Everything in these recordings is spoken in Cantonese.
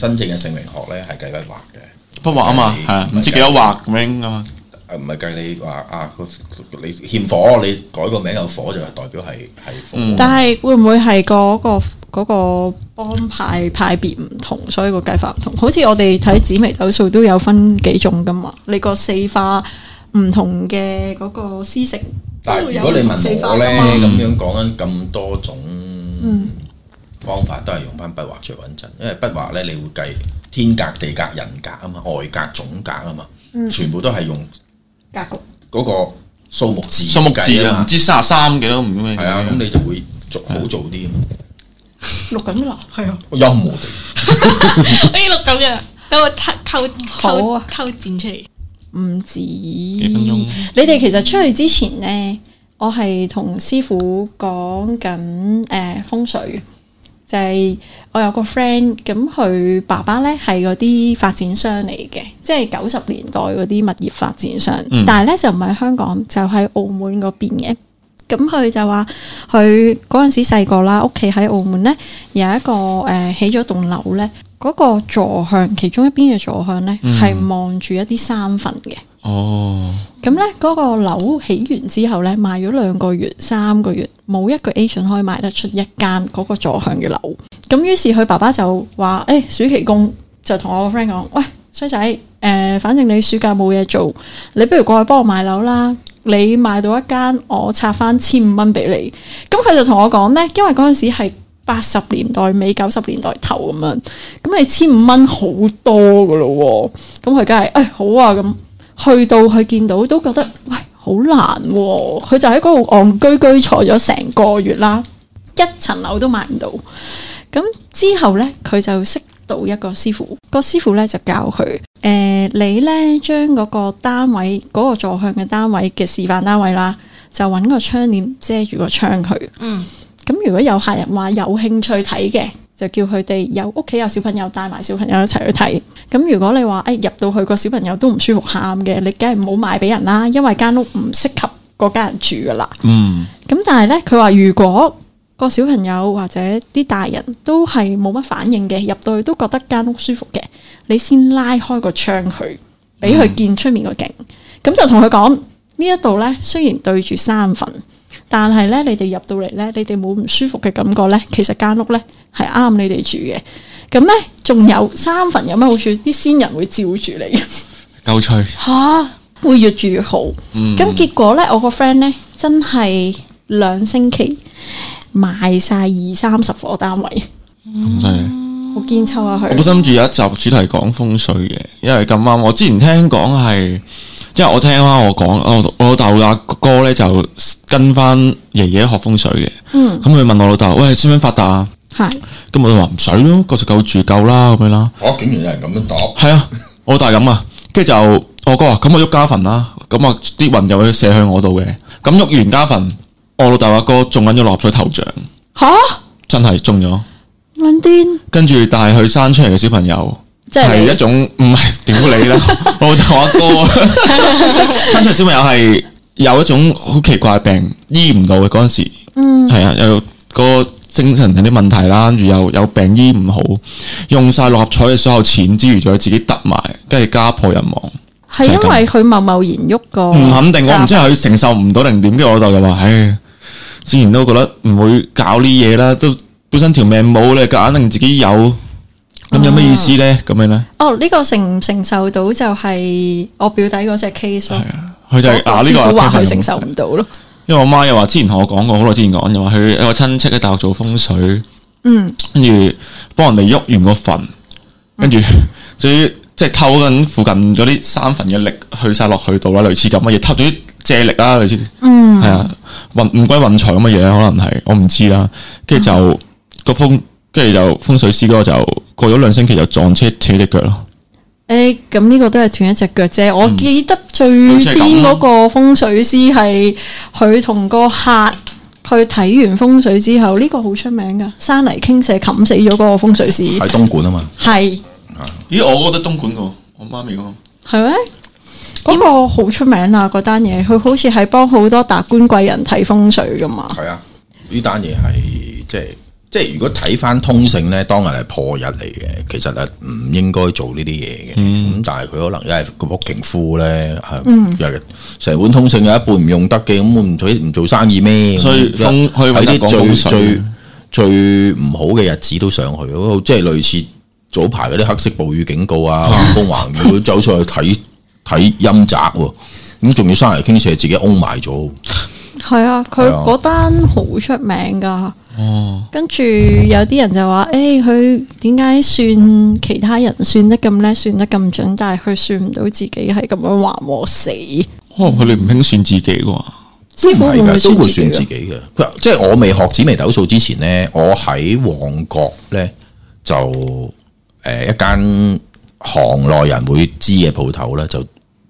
真正嘅姓名學咧係計筆畫嘅，筆畫啊嘛，係啊，唔知幾多畫名啊嘛。誒唔係計你話啊，你欠火，你改個名有火，就係代表係係火。但係會唔會係嗰個嗰個幫派派別唔同，所以個計法唔同？好似我哋睇紫微斗數都有分幾種噶嘛，你個四化唔同嘅嗰個師承。但係如果你問四化咧，咁樣講緊咁多種。方法都係用返筆畫最穩陣，因為筆畫咧，你會計天格地格人格啊嘛，外格總格啊嘛，全部都係用格局嗰個數目字、嗯、格格數目字，字啊，唔知三十三幾咯，唔知咩，係啊，咁你就會做好做啲。啊嘛，錄緊啦，係啊，有冇地，啊、 我依度咁樣等我偷偷偷剪出嚟，唔止，幾分鐘你哋其實出去之前咧，我係同師傅講緊誒風水。就係我有個 friend，咁佢爸爸咧，係嗰啲發展商嚟嘅，即係九十年代嗰啲物業發展商，嗯、但係咧就唔喺香港，就喺澳門嗰邊嘅。咁佢就話佢嗰陣時細個啦，屋企喺澳門咧有一個誒、呃、起咗棟樓咧，嗰、嗰個坐向其中一邊嘅坐向咧係、嗯、望住一啲山墳嘅。哦，咁咧嗰個樓起完之後咧，賣咗兩個月、三個月，冇一個 agent 可以賣得出一間嗰個坐向嘅樓。咁於是佢爸爸就話：誒、欸，暑期工就同我個 friend 講，喂，衰仔，誒、呃，反正你暑假冇嘢做，你不如過去幫我賣樓啦。你賣到一間，我拆翻千五蚊俾你。咁佢就同我講咧，因為嗰陣時係八十年代尾九十年代頭咁樣，咁你千五蚊好多噶咯。咁佢梗係誒好啊，咁。去到佢見到都覺得喂好難喎、哦，佢就喺嗰度戇居居坐咗成個月啦，一層樓都買唔到。咁之後呢，佢就識到一個師傅，個師傅呢，就教佢，誒、呃、你呢，將嗰個單位嗰、嗰個坐向嘅單位嘅示範單位啦，就揾個窗簾遮住個窗佢。嗯，咁如果有客人話有興趣睇嘅，就叫佢哋有屋企有小朋友帶埋小朋友一齊去睇。咁如果你話誒，入到去個小朋友都唔舒服喊嘅，你梗係唔好賣俾人啦，因為間屋唔適合個家人住噶啦。嗯，咁但係咧佢話如果個小朋友或者啲大人都係冇乜反應嘅，入到去都覺得間屋舒服嘅，你先拉開個窗去，俾佢見出面個景，咁就同佢講，呢一度咧，雖然對住山墳，但係咧你哋入到嚟咧，你哋冇唔舒服嘅感覺咧，其實間屋咧係啱你哋住嘅。咁咧，仲有三份有咩好處？啲先人會照住你，夠脆吓，會越住越好。咁結果咧，我個 friend 咧真係兩星期賣晒二三十個單位，好堅秋呀佢。我本身諗住有一集主題講風水嘅，因為咁啱我之前聽講係，即係我聽翻，我講，我我老豆阿哥咧就跟翻爺爺學風水嘅。嗯，咁佢問我老豆，喂，算唔算發達啊？係，咁我就話唔使咯，夠食夠住夠啦，咁樣啦。吓，竟然有人咁樣打？係啊，我老豆係咁啊，跟住就我哥話，咁我喐家墳啦，咁啊啲運又會射向我度嘅。咁喐完家墳，我老豆阿哥中緊咗六合彩頭獎。吓，真係中咗。溫丁。跟住，但係佢生出嚟嘅小朋友，即係一種唔係屌你啦。我老豆阿哥生出嚟小朋友係有一種好奇怪病，醫唔到嘅嗰陣時，嗯，係啊，又。精神有啲問題啦，跟住又有病醫唔好，用晒六合彩嘅所有錢之餘，如仲有自己得埋，跟住家破人亡，係因為佢貿貿然喐過，唔肯定，我唔知係佢承受唔到定點嘅。我老豆就話：，唉，之前都覺得唔會搞呢嘢啦，都本身條命冇咧，夾硬自己有，咁有咩意思咧？咁、啊、樣咧？哦，呢、這個承唔承受到就係我表弟嗰隻 case 咯，佢就是、我啊呢、這個話佢承受唔到咯。因為我媽又話之前同我講過，好耐之前講又話佢一個親戚喺大陸做風水，嗯，跟住幫人哋喐完個墳，跟住至於即係偷緊附近嗰啲山墳嘅力去晒落去度啦，類似咁啊，嘢，偷咗啲借力啦，類似，類似嗯係啊運唔歸運財咁嘅嘢可能係我唔知啦。跟住就個、嗯、風，跟住就風水師哥就過咗兩星期就撞車扯隻腳咯。誒，咁呢，欸，個都係斷一隻腳啫。我記得最癲嗰，嗯、個風水師係佢同個客去睇完風水之後，呢，呢個好出名噶，山泥傾瀉冚死咗嗰個風水師。喺東莞啊嘛，係是。咦，我覺得東莞我媽媽，那個我媽咪嗰個係咩？嗰個好出名呀，嗰單嘢，佢好似係幫好多達官貴人睇風水噶嘛。係啊，呢單嘢係即係。即係如果睇翻通勝咧，當日係破日嚟嘅，其實啊唔應該做呢啲嘢嘅。咁但係佢可能因為個屋勁夫咧，日日成本通勝有一半唔用得嘅，咁我唔取唔做生意咩？所以喺啲最最最唔好嘅日子都上去，即係類似早排嗰啲黑色暴雨警告啊，風橫雨，佢走上去睇睇陰宅，咁仲要生嚟傾瀉自己勾埋咗。係啊，佢嗰單好出名噶。哦，跟住有啲人就話，誒、欸，佢點解算其他人算得咁叻，算得咁準，但係佢算唔到自己係咁樣話我死。哦，佢哋唔興算自己噶，師傅都會算自己嘅。即係我未學紫微斗數之前呢，我喺旺角咧就誒、呃、一間行內人會知嘅鋪頭咧，就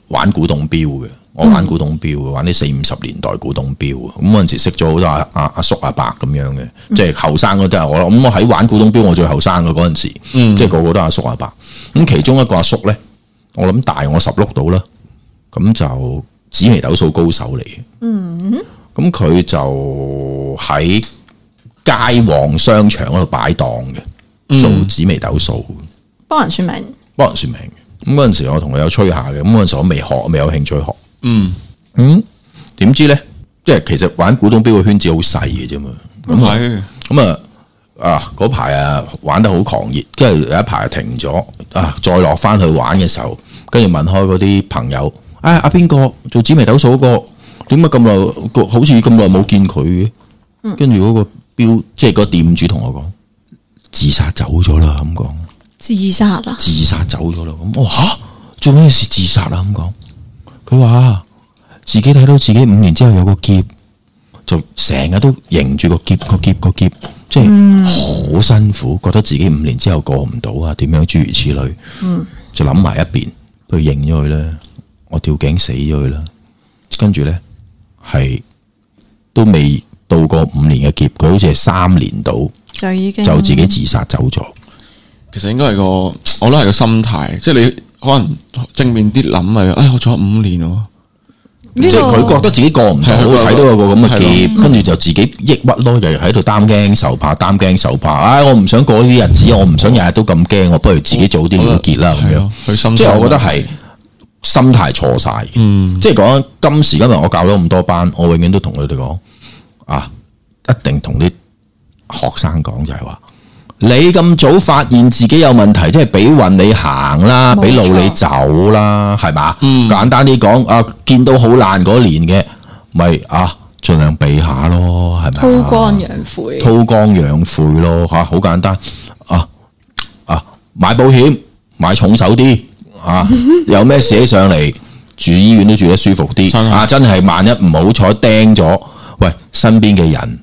玩古董錶嘅。我玩古董表，玩啲四五十年代古董表。咁嗰陣時識咗好多阿阿阿叔阿伯咁樣嘅，即係後生嗰啲係我咁。我喺玩古董表，我最後生嘅嗰陣時，嗯、即係個個都阿叔阿伯。咁、嗯、其中一個阿叔咧，我諗大我十六度啦，咁就紫微斗數高手嚟嘅。嗯，咁佢就喺街旺商場嗰度擺檔嘅，嗯、做紫微斗數，幫、嗯、人算命，幫人算命。咁嗰陣時我同佢有吹下嘅，咁嗰陣時我未學，未有興趣學。嗯嗯，點知咧？即係其實玩古董表個圈子好細嘅啫嘛。咁係，咁啊啊嗰排啊玩得好狂熱，跟住有一排停咗啊，再落翻去玩嘅時候，跟住問開嗰啲朋友，啊阿邊個做紫微斗數嗰個，點解咁耐好似咁耐冇見佢？跟住嗰個表，即係個店主同我講，自殺走咗啦咁講。自殺啦！自殺走咗啦！咁哇吓，做咩事自殺啦咁講。佢話自己睇到自己五年之後有個劫，就成日都迎住個劫，個劫個劫，即係好辛苦，嗯、覺得自己五年之後過唔到啊，點樣諸如此類，嗯、就諗埋一邊，佢認咗佢啦，我吊頸死咗佢啦，跟住呢，係都未到過五年嘅劫，佢好似係三年到就已經就自己自殺走咗。嗯、其實應該係個，我諗係個心態，即係你。可能正面啲諗啊！唉，我做咗五年咯，即係佢覺得自己過唔到，好睇、啊、到有個咁嘅劫，跟住、啊、就自己抑鬱咯，就喺度擔驚受怕，擔驚受怕。唉、哎，我唔想過呢啲日子，嗯、我唔想日日都咁驚，我不如自己早啲了結啦。咁樣，即係我覺得係、啊啊、心，心態錯晒、嗯、即係講今時今日，我教咗咁多班，我永遠都同佢哋講啊，一定同啲學生講就係話。你咁早發現自己有問題，即係俾運你行啦，俾意路你走啦，係嘛？嗯、簡單啲講，啊見到好爛嗰年嘅，咪啊盡量避下咯，係咪啊？韜光養晦，韜光養晦咯嚇，好簡單啊啊！買保險買重手啲啊， 有咩寫上嚟住醫院都住得舒服啲啊！真係萬一唔好彩釘咗，喂，身邊嘅人。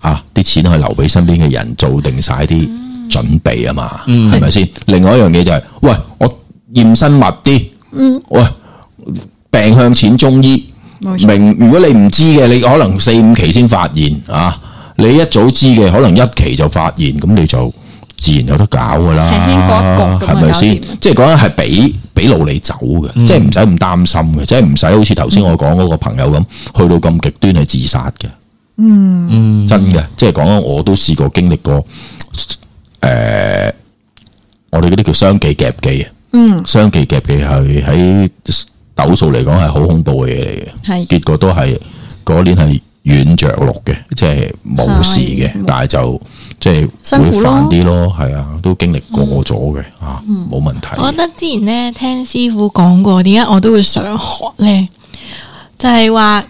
啊！啲錢係留俾身邊嘅人做定晒啲準備啊嘛，係咪先？另外一樣嘢就係，喂，我驗身密啲，嗯，喂，病向淺中醫明。如果你唔知嘅，你可能四五期先發現啊。你一早知嘅，可能一期就發現，咁你就自然有得搞噶啦。輕輕過一過，係咪先？即係講緊係俾俾路你走嘅，即係唔使咁擔心嘅，即係唔使好似頭先我講嗰個朋友咁，去到咁極端係自殺嘅。嗯，真嘅，即係講啊，我都試過經歷過，誒，我哋嗰啲叫雙記夾記啊，嗯，雙記夾記係喺斗數嚟講係好恐怖嘅嘢嚟嘅，係是，結果都係嗰年係軟着陸嘅，即係冇事嘅，但係就即係會煩啲咯，係啊，都經歷過咗嘅、嗯、啊，冇問題、嗯。我覺得之前咧聽師傅講過，點解我都會想學咧，就係、是、話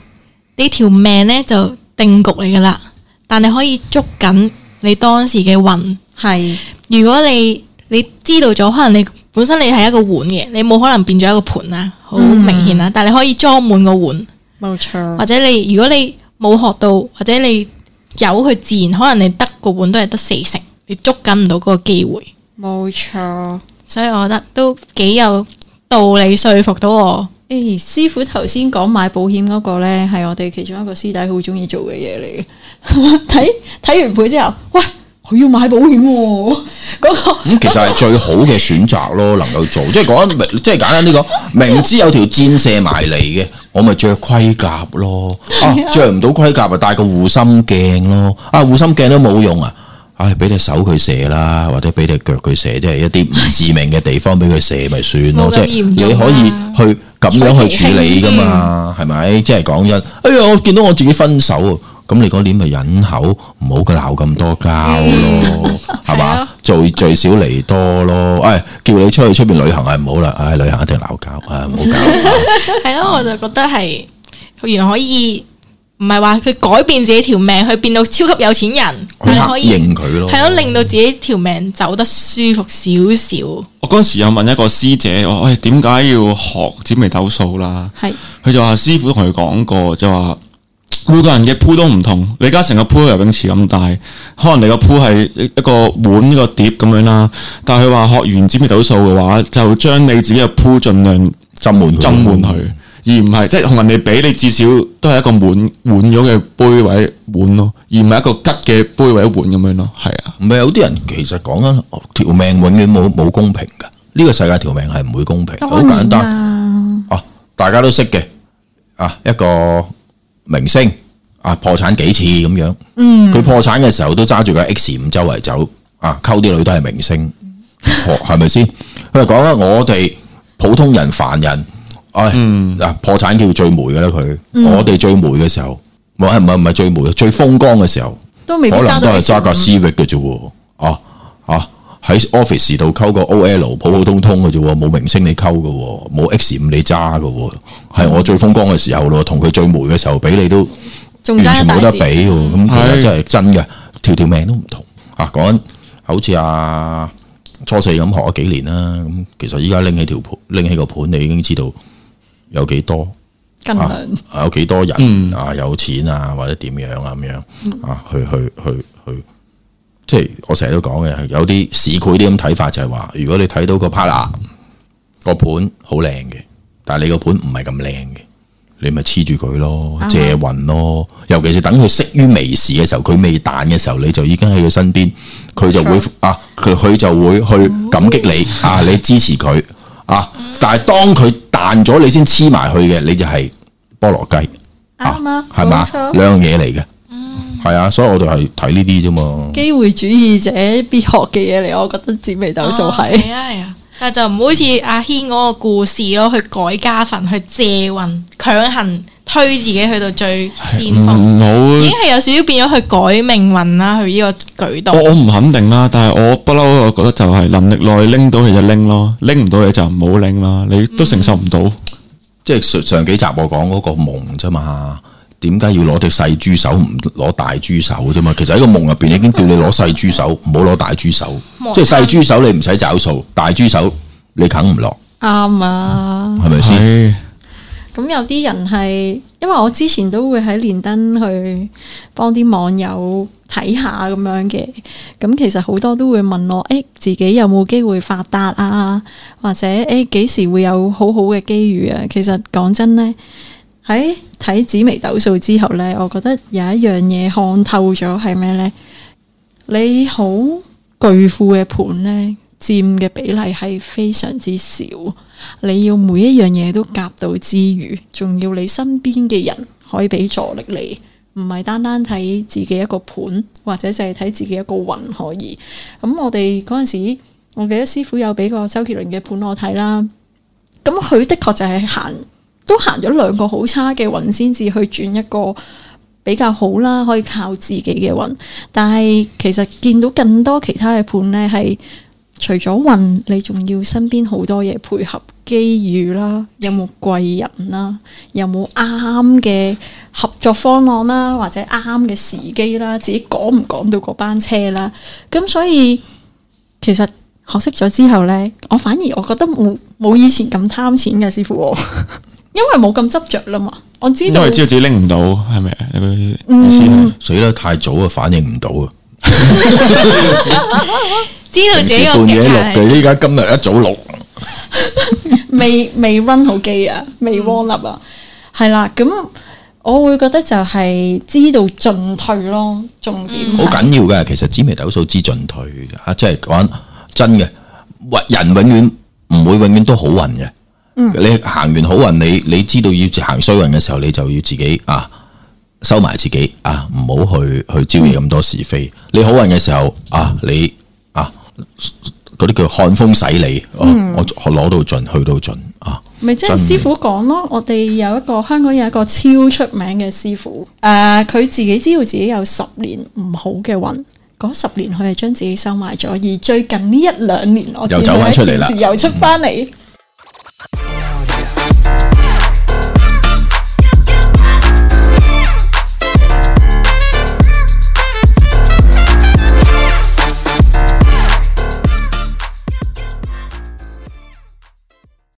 呢條命咧就。 定局嚟噶啦，但你可以捉緊你當時嘅運係。如果你你知道咗，可能你本身你係一個碗嘅，你冇可能變咗一個盤啊，好明顯啊。但你可以裝滿個碗，冇錯。或者你如果你冇學到，或者你有，佢自然可能你得個碗都係得四成，你捉緊唔到嗰個機會，冇錯。所以我覺得都幾有道理，說服到我。誒、哎，師傅頭先講買保險嗰個咧，係我哋其中一個師弟好中意做嘅嘢嚟。睇 睇完盤之後，喂，我要買保險，哦。嗰，那個咁，嗯、其實係最好嘅選擇咯，能夠做即係講，即係簡單啲講，明知有條箭射埋嚟嘅，我咪着盔甲咯。啊，着唔到盔甲咪戴個護心鏡咯。啊，護心鏡都冇用啊。哎，俾隻手佢射啦，或者俾隻腳佢射，即係一啲唔致命嘅地方俾佢射咪算咯。即係你可以去咁樣去處理噶嘛，係咪？即係講一，哎呀，我見到我自己分手啊，咁你嗰年咪忍口，唔好佢鬧咁多交咯，係嘛？做最少嚟多咯，哎，叫你出去出面旅行係唔好啦，哎，旅行一定鬧交，哎，唔好搞。係咯，我就覺得係原可以。唔係話佢改變自己條命，去變到超級有錢人，係可以佢係咯，令到自己條命走得舒服少少。我嗰時有問一個師姐，我誒，點解要學紫微斗數啦？係是，佢就話師傅同佢講過，就話、是、每個人嘅鋪都唔同。李嘉誠嘅鋪游泳池咁大，可能你個鋪係一個碗，一個碟咁樣啦。但係佢話學完紫微斗數嘅話，就將你自己嘅鋪盡量浸滿，浸滿佢。而唔係即係同人哋比，你至少都係一個滿滿咗嘅杯位碗咯，而唔係一個吉嘅杯位碗咁樣咯，係啊。唔係有啲人其實講緊，條命永遠冇冇公平噶，呢個世界條命係唔會公平，好簡單哦，大家都識嘅啊，一個明星啊破產幾次咁樣，嗯，佢破產嘅時候都揸住個 X 五周圍走啊，溝啲女都係明星，哦，係咪先？佢就講緊我哋普通人凡人。哎嗱，破產叫最霉嘅咧，佢、嗯、我哋最霉嘅時候，冇係冇唔係最霉嘅，最風光嘅時候都未有可能都係揸架 Civic 嘅啫喎，啊啊喺 office 度溝個 O L 普普通通嘅啫，冇明星你溝嘅，冇 X5 你揸嘅，係我最風光嘅時候咯，同佢最霉嘅時候比你都完全冇得比，咁、嗯、其實真係真嘅，條條命都唔同啊！講緊好似啊初四咁學咗幾年啦，咁其實依家拎起條盤，拎起個盤你已經知道。有幾多啊？有幾多人啊？有錢啊？或者點樣啊？咁樣啊？去去去去，即係我成日都講嘅，有啲市儈啲咁睇法，就係，就係、是、話如果你睇到個 partner，啊個盤好靚嘅，但係你個盤唔係咁靚嘅，你咪黐住佢咯，借運咯。尤其是等佢識於微時嘅時候，佢未彈嘅時候，你就已經喺佢身邊，佢就會好啊，佢佢就會去感激你啊，你支持佢啊。但係當佢。爛咗你先黐埋去嘅，你就係菠蘿雞，係嘛、啊，兩樣嘢嚟嘅，係、嗯、啊，所以我哋係睇呢啲啫嘛。機會主義者必學嘅嘢嚟，我覺得紫微斗數就係，係啊係啊，啊 但就唔好似阿軒嗰個故事咯，去改家墳，去借運，強行。推自己去到最巔峰，已經係有少少變咗，去改命運啦。佢呢個舉動，我我唔肯定啦。但係我不嬲，我覺得就係能力內拎到你就拎咯，拎唔到你就唔好拎啦。你都承受唔到。即係上上幾集我講嗰個夢啫嘛，點解要攞隻細豬手唔攞大豬手嘅啫嘛？其實喺個夢入邊已經叫你攞細豬手，唔好攞大豬手。即係細豬手你唔使找數，大豬手你啃唔落。啱啊，係咪先？咁有啲人係，因為我之前都會喺連登去幫啲網友睇下咁樣嘅。咁其實好多都會問我，誒、哎，自己有冇機會發達啊？或者誒，幾、哎、時會有好好嘅機遇啊？其實講真呢，喺睇紫微斗數之後呢，我覺得有一樣嘢看透咗係咩呢？你好巨富嘅盤呢。佔嘅比例係非常之少，你要每一樣嘢都夾到之餘，仲要你身邊嘅人可以俾助力你，唔係單單睇自己一個盤或者就係睇自己一個運可以。咁、嗯、我哋嗰陣時，我記得師傅有俾個周杰倫嘅盤我睇啦。咁佢的確就係行，都行咗兩個好差嘅運先至去轉一個比較好啦，可以靠自己嘅運。但係其實見到更多其他嘅盤呢，係。除咗運，你仲要身邊好多嘢配合機遇啦，有冇貴人啦，有冇啱嘅合作方案啦，或者啱嘅時機啦，自己趕唔趕到嗰班車啦？咁所以其實學識咗之後呢，我反而我覺得冇冇以前咁貪錢嘅師傅，因為冇咁執着啦嘛。我知道因為知道自己拎唔到係咪啊？意思死得太早啊，反應唔到啊。 知道自己這個嘢，依家的今日一早六，未未 run 好機啊，未 warm up 啊，係啦、嗯，咁我會覺得就係知道進退咯，重點好緊、嗯、要嘅。其實紫微斗數知進退啊，即係講真嘅，人永遠唔會永遠都好運嘅。嗯、你行完好運，你你知道要行衰運嘅時候，你就要自己啊。收埋自己啊，唔好去去招惹咁多是非。嗯、你好運嘅時候啊，你啊嗰啲叫看風洗嚟、啊嗯，我我攞到盡，去到盡啊。咪、嗯、的即係師傅講咯，我哋有一個香港有一個超出名嘅師傅，誒、呃，佢自己知道自己有十年唔好嘅運，嗰十年佢係將自己收埋咗，而最近呢一兩年又走翻出嚟啦，又出翻嚟。